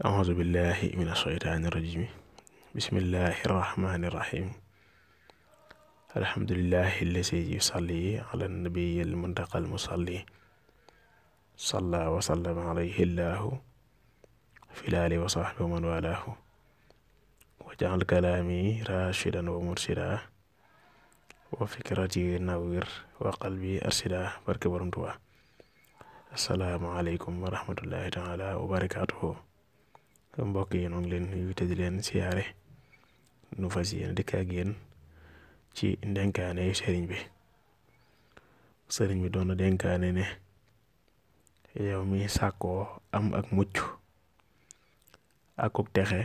أعوذ بالله من الشيطان الرجيم بسم الله الرحمن الرحيم الحمد لله الذي يصلي على النبي المنتقى المصلي صلى وسلم عليه الله في الآل وصحبه من والاه وجعل كلامي راشدا ومرشدا وفكرتي نوير وقلبي أرشدا بركة برمتوا السلام عليكم ورحمة الله تعالى وبركاته mbokk yi ñu ngi leen nuyu te di leen siyaare nu fas yéene dëkk ak yéen ci ndenkaane yu sëriñ bi sëriñ bi doon ne yow mi sàkkoo am ak mucc akuk texe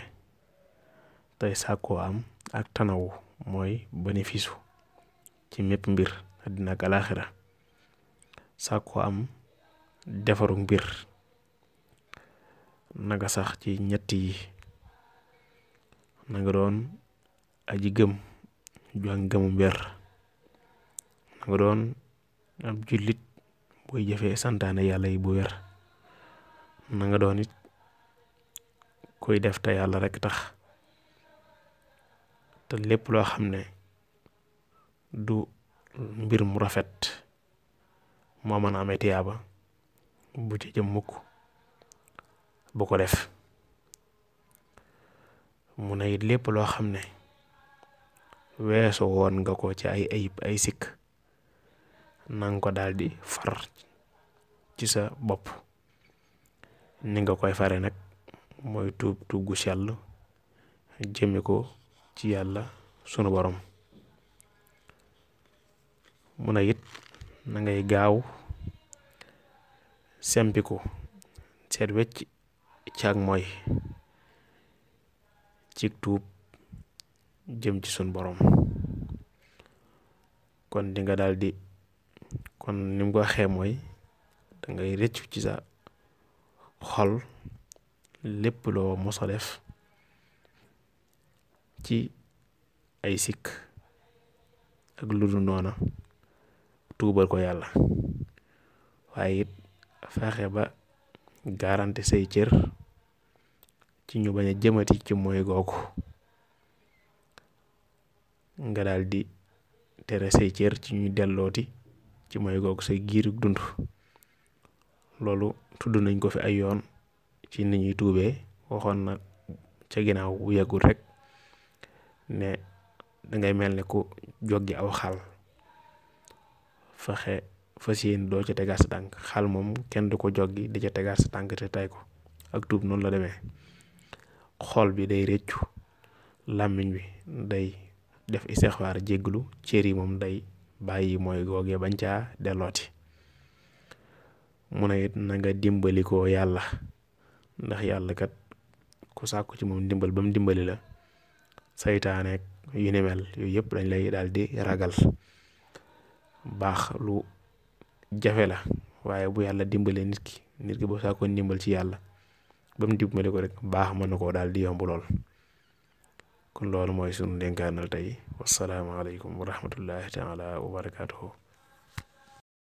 tey sàkkoo am ak tanawu mooy bénéfice ci mépp mbir dina ak alaxira sàkkoo am defaru mbir Naga sax ci ñett yi doon aji gëm ju ak gëmum wer nanga doon ab julit boy jafé santana yalla yi bu wer naga doon it koy def ta yalla rek tax te lepp lo du mbir mu rafet mo man amé tiyaba bu ci jëm mukk bu ko def mu ne it lépp loo xam ne weesu woon nga ko ci ay ayib ay sikk nanga ko daldi far ci sa bopp ni nga koy faree nag mooy tuub tuub gu sell jëme ci yàlla sunu borom mu ne it na ngay gaaw sempiku seet wecc ci ak mooy cig tuub jëm ci sun borom kon di nga daal di kon ni ko xee mooy dangay rëccu ci sa xol lépp loo mos def ci ay sikk ak lu dul noona tuubal ko yàlla waaye it fexe ba garanti say cër ci ñu bañ a jëmati ci mooy googu nga daldi tere say cër ci ñuy dellooti ci mooy googu say giirug dund loolu tudd nañ ko fi ay yoon ci ni ñuy tuubee waxoon na ca ginnaaw bu yàggul rek ne dangay mel ne ku joggi aw xal fexe fasiyen do doo tegas tank xal mom kenn du ko joggi di ci tegas tank te tay ko ak tub non la demee xol bi day reccu làmmiñ bi day def istixfaar jeglu cër mom day bayyi moy goge bañ caa dellooti mu it na nga dimbali ko yalla, ndax yalla kat ku sakku ci mom dimbal ba dimbali la saytaaneek yu ni mel dañ lay daldi ragal bax lu jafe la waaye bu yàlla dimbalee nit ki nit ki boo saakoo ndimbal ci yàlla ba mu dimbale ko rek baax mën na koo daal di yomb lool kon loolu mooy sunu dénkaanal tey wasalaamaaleykum wa rahmatullahi taala wa barakaatuhu